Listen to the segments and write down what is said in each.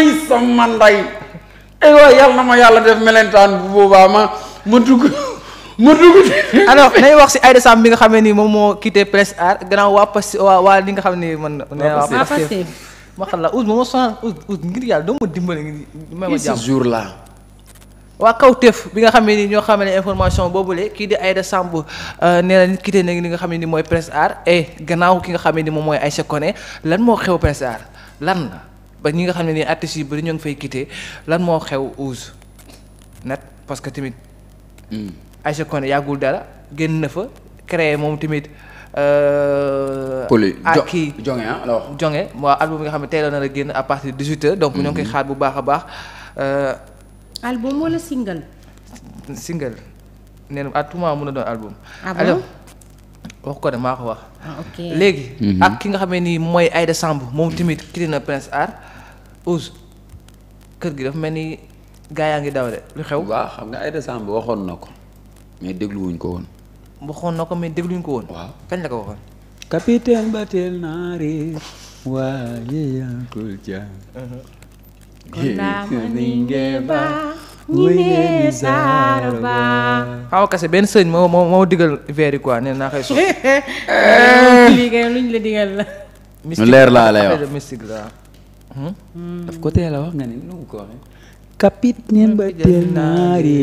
wuy sama nday ay eh waay yàlla na ma yàlla def melentaan bu boobaa ma ma dugg ma dugg alors nañ wax si Aïda Samb bi nga xamee nii moom moo quitté presse aar gannaaw waa Pastef waa waa li nga xam ne ma la Ouz moom moo sonal Ouz Ouz waa kawteef bi nga xam ne ni ñoo xam ne information boobule kii di Aïda Samb euh, nee na nit na li nga xam ni mooy presse aar et ki nga xam moom mooy Aïcha Koné lan moo xew presse aar lan ba ñi nga xam ne nii artistes yi bari ñu ngi fay quitté lan moo xew Ouz nat parce que tamit. Hmm. Aïcha Koné yàggul dara génn na fa créer moom tamit. Euh, poli jo kii jonge ah alors. jonge waaw album bi nga xam ne tey la a génn à partir de donc ñoo koy hmm. xaar bu baax a baax. Euh, album wala single. single nee na à tout moment mën a doon album. Ah alors wax ko de maa ko wax. Ah, léegi. Mhm. ak ki nga xamee nii mooy Aïda Samb moom tamit kii na Prince Art Ousse kër gi dafa mel ni gaa yaa ngi daw de lu xew. waaw xam nga Aïda Samb waxoon na ko mais dégluwuñ ko woon. waxoon na ko mais dégluwuñ ko woon. waaw kañ la ko waxoon. capitaine ba teel naa réer waaye yaa ngi ko jàng. kon uh-huh. ñi xaw kase benn sëñ moo moo moo digal verre yi quoi nee naa koy soxla. lii kay luñ la digal la. mystique la. Hmm? Hmm. daf ko teel nga ni nu ko kapit ñem ba teel naari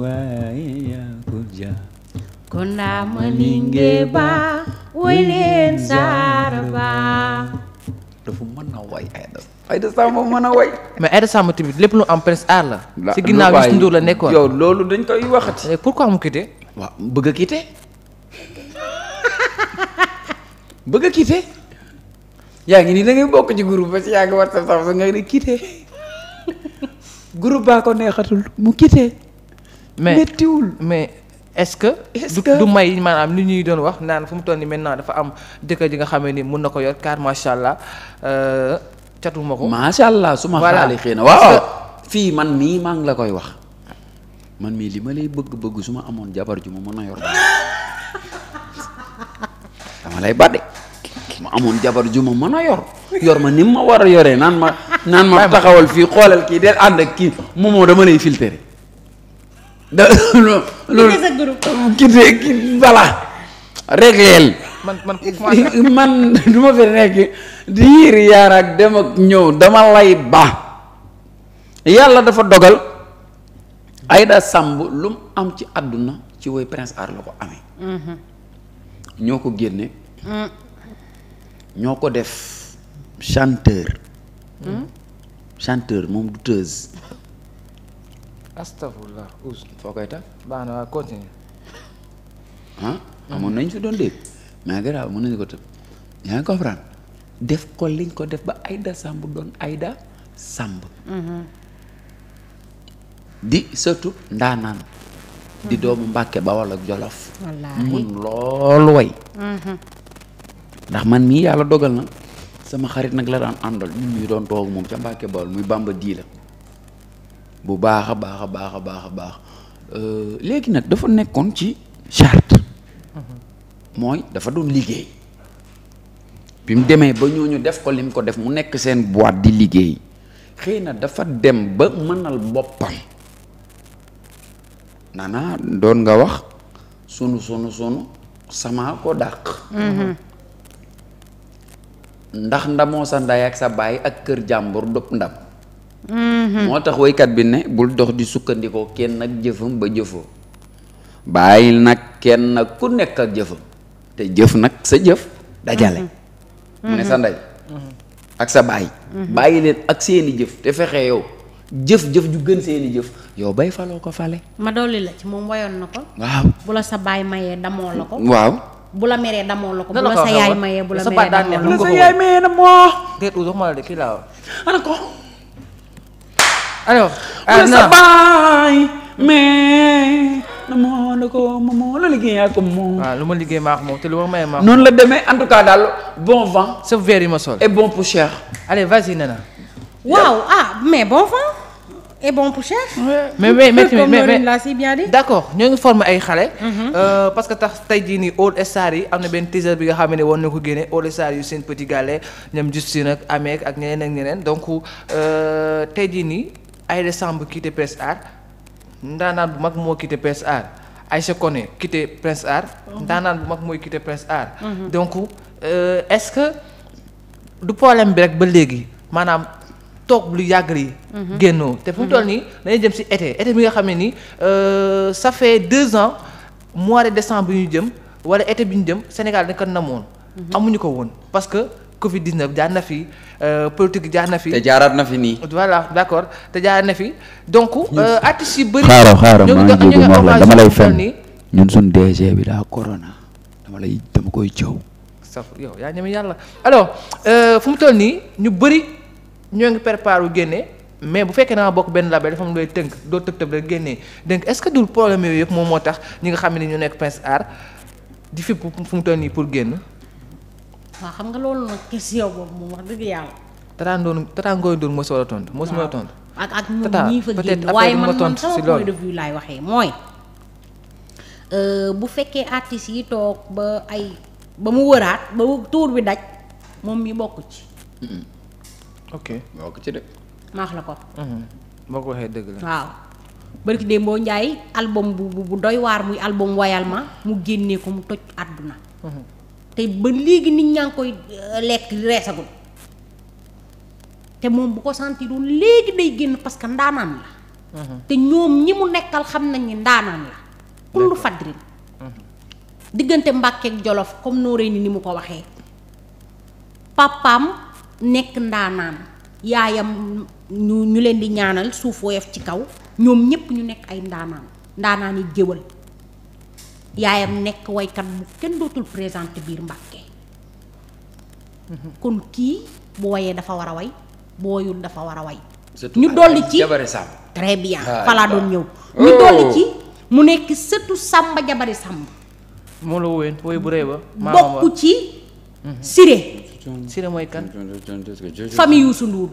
waaye yaa ko ja. ma linge ba woy leen saara ba. dafa mën a way Aïda. Aïda a way. mais Aïda Samb tamit lépp lu am prince aar la. la si ginnaaw Youssou Ndour la nekkoon. yow loolu dañ koy waxati. pourquoi ko quitté. waaw bëgg bëgg a quitté yaa ngi nii da bokk ci groupe ba si yaa ngi war sa sax nga ne quitté groupe baa ko neexatul mu quitté. mais. est-ce que du may maanaam li ñuy doon wax naan fu mu toll nii maintenant dafa am jëkkër ji nga xam ne mun na ko yor car macha allah euh, catuma ko. macha allah su ma xaali xëy na waaw fii man mii maa ngi la koy wax man mii li ma lay bëgg-bëgg su ma amoon jabar ju ma mën a yor ba dama lay ma amoon jabar ju ma mën a yor yor ma ni ma war a yoree naan ma naan ma taxawal fii xoolal kii del ànd ak kii moomoo dama lay filtrer da loolu. loolu ma fi nekk di yiiri yaar ak dem ak ñëw dama lay ba. yàlla dafa dogal. Aïda sàmb lu mu am ci àdduna ci woy Prince Art la ko amee. Mm-hmm. ñoo ko génne. Mm. ñoo ko def chanteur. Mm. chanteur moom du teuse astafurlah oust. foo koy taf. baax na waaw mm-hmm. amoon nañ fi doon dégg mais garaaw mën nañu ko tëb yaa ngi comprendre def ko liñ ko def ba Aïda Samb doon Aïda Samb. Mm-hmm. di surtout ndaanaan. di mm-hmm. doomu Mbàkke Bawol ak Jolof. wallaahi loolu way. ndax man mii yàlla dogal na sama xarit nag la daan àndal ñun ñu doon toog moom ca Mbàkke Bawol muy Bamba dii la. bu baax a baax a baax a baax a baax euh, léegi nag dafa nekkoon ci charte mooy dafa doon liggéey bi mu demee ba ñooñu def ko lim ko def mu nekk seen boîte di liggéey xëy na dafa dem ba mënal boppam nana doon nga wax sunu sunu sunu sama ko dàq mm-hmm. ndax ndamoo sa nday ak sa baay ak kër jàmbur dëpp ndam Mhm. moo tax woykat bi ne bul dox di sukkandikoo kenn ak jëfam ba jëfoo bàyyi nag kenn ku nekk ak jëfam te jëf nag sa jëf dajale mu mhm. ne sa mhm. ndey ak sa bàyyi bàyyi ak seeni jëf te fexe yow jëf-jëf ju gën seeni jëf yow bay faloo ko fale ma dolli la ci moom wayoon na ko waaw bu la sa baay mayee damoo la ko waaw bu la meree damoo la ko bu la sa yaay mayee bu la meree damoo la ko bu la sa yaay mayee damoo déet alors sa baay mais namoo na ko moomoo la liggéey ak moom waaw lu ma liggéey maax moom te lu ma may maax noonu la demee en tout daal bon vent sa verre yi ma sol et bon pour cher allez Nana waaw ah mais bon vent et bon pour mais mais mais mais mais d'accord ñoo ngi former ay xale. Mhm. Euh, parce que tax tey jii nii All Star yi am na benn teaser bi nga xam ne woon na ko génne All Star yu seen petit gallé ñoom Justine ak Amek ak ñeneen ak ñeneen donc euh, tey jii nii. Aïda Samb quitté Prince Art ndaanaan bu mag moo quitté Prince Art Aïcha Koné quitté Prince Art mhm. ndaanaan bu mag mooy quitté Prince Art mhm. donc euh, est-ce que du problème bi rek ba léegi maanaam toog lu yàgg yi mhm. génnoo te fu mu nii dañuy jëm si été été bi nga xam ne nii euh, ça fait deux ans mois de décembre bi ñu jëm wala été bi ñu jëm Sénégal dañ ko namoon amuñu ko woon parce Covid 19 jaar na fi euh, politique jaar na fi. te jaaraat na fi nii. voilà d' te jaar na fi donc. Euh, artistes yu bëri. xaaral xaaral maa ngi jéego wax la dama lay fenn ñun suñ DG bi daa corona dama lay dama koy jëw. saf yow yaa ñeme yàlla alors euh, fu mu toll nii ñu bëri ñoo ngi préparé wu génne mais bu fekkee naa bokk benn label dafa am looy tënk doo tëb tëb rek génnee donc est ce que dul problème yooyu yëpp moom moo tax ñi nga xam ne ñu nekk Prince r di fi fu mu toll nii pour génn. waaw xam nga loolu nag question boobu moom wax dëgg yàlla. tataan doon tataan ngooy doon mosoo la tontu. waaw mosuma la tontu. ak ak ñoom ñii fa génn waaye man laay waxee mooy. Euh, fekkee artistes yi toog ba ay mu wëraat ba tuur bi daj moom mi bokk ci. Mm-hmm. ok bokk ci de. maax la ko. Mm-hmm. boo ko waxee dëgg la waaw. barki Dembo Ndiaye album bu bu doy waar muy album wayal ma mu génnee ko mu toj àdduna. Mm-hmm. te ba léegi nit ñaa ngi koy euh, lekk reesagul te moom bu ko sentiroon léegi day génn parce que ndaanaan la mhm. te ñoom ñi mu nekkal xam nañ ni ndaanaan la kullu fadrin mhm. diggante Mbàkke Jolof comme nooree ni ni mu ko waxee papaam nekk ndaanaan yaayam ñu ñu leen di ñaanal suuf ci kaw ñoom ñépp ñu nekk ay ndaanaan ndaanaan yi géwal yaayam nekk waykat bu kenn dootul présenté biir Mbàkke kon kii bu woyee dafa war a way bu woyul dafa war a way ñu dolli ci très bien falaa doon ñëw ñu dolli oh. ci mu nekk sëtu Sàmba Jabari Sàmb moo la woyoon woy bu rëy ba bokk ci mhm. Siré Siré mooy kan famille Youssou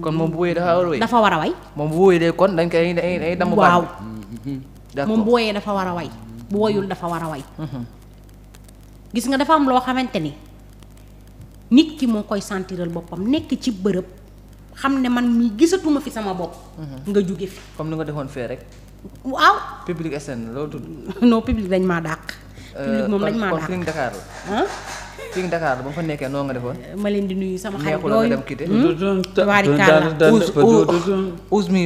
kon moom bu woyee dafa war a way moom bu woyee de kon dañ koy dañ dañ damm waaw moom bu woyee dafa war a way bu woyul dafa war a way gis nga dafa am loo xamante ni nit ki moo koy sentiral boppam nekk ci bërëb xam ne man mii gisatuma fi sama bopp nga jóge fi comme ni nga defoon fee rek waaw public SN loolu tudd non public dañ maa dàq public dañ maa dàq kon Feeling Dakar la Feeling nekkee noo nga defoon ma leen di nuyu sama xarit yooyu dem quitté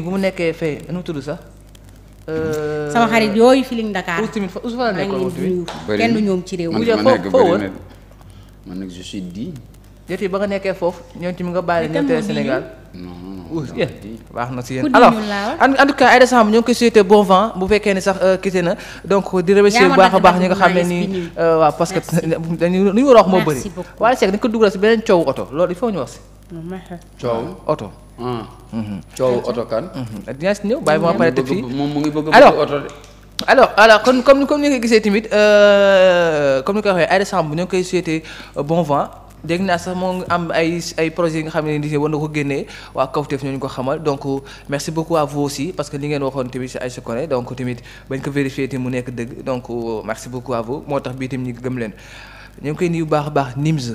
bu mu nekkee fee nu tudd sax Euh, sama xarit yooyu Feeling Dakar. aussi fa aussi fa la nekkoon kenn ñoom ci réew mi. man nag je suis dit. jëf yi ba foofu ñoom ci mi nga bàyyi ñoom télé Sénégal. Eh, baax na si yéen alors en tout cas Aïda Samb ñoo ngi koy souhaité bon vent bu fekkee ni sax euh, quitté na donc di remercier bu baax a baax ñi nga xam ne nii euh, waaw parce que dañu lu ñu war a wax moo bëri waaye Seck dañ ko dugal si beneen coow oto loolu il faut ñu wax si coow oto coow oto kan. Mm-hmm. dinaa si ñëw bàyyi ma pare te fii mu ngi bëgg a bëgg oto alors alors kon comme comme ni nga gisee tamit euh, comme ni ko waxee Aïda Samb ñoo koy souhaité euh, bon vent. dégg naa sax moo ngi am ay ay projets yi nga xam ne nii war ko génnee waa Kawtef ñooñu ko xamal donc merci beaucoup à parce que li ngeen waxoon tamit si ay secret donc tamit bañ ko vérifié te mu nekk dëgg donc euh, merci beaucoup à moo tax bii tamit ñu gëm leen ñu ngi koy nuyu bu baax a baax Nims.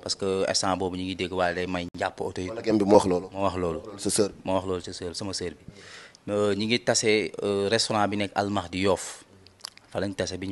parce que instant boobu ñu ngi dégg waaye day may jàpp oto yi. bi moo wax loolu. moo wax loolu sa sœur. moo wax loolu sa sœur sama sœur bi ñu ngi tase euh, restaurant bi nekk Almahdi Yoff fa lañ tase bi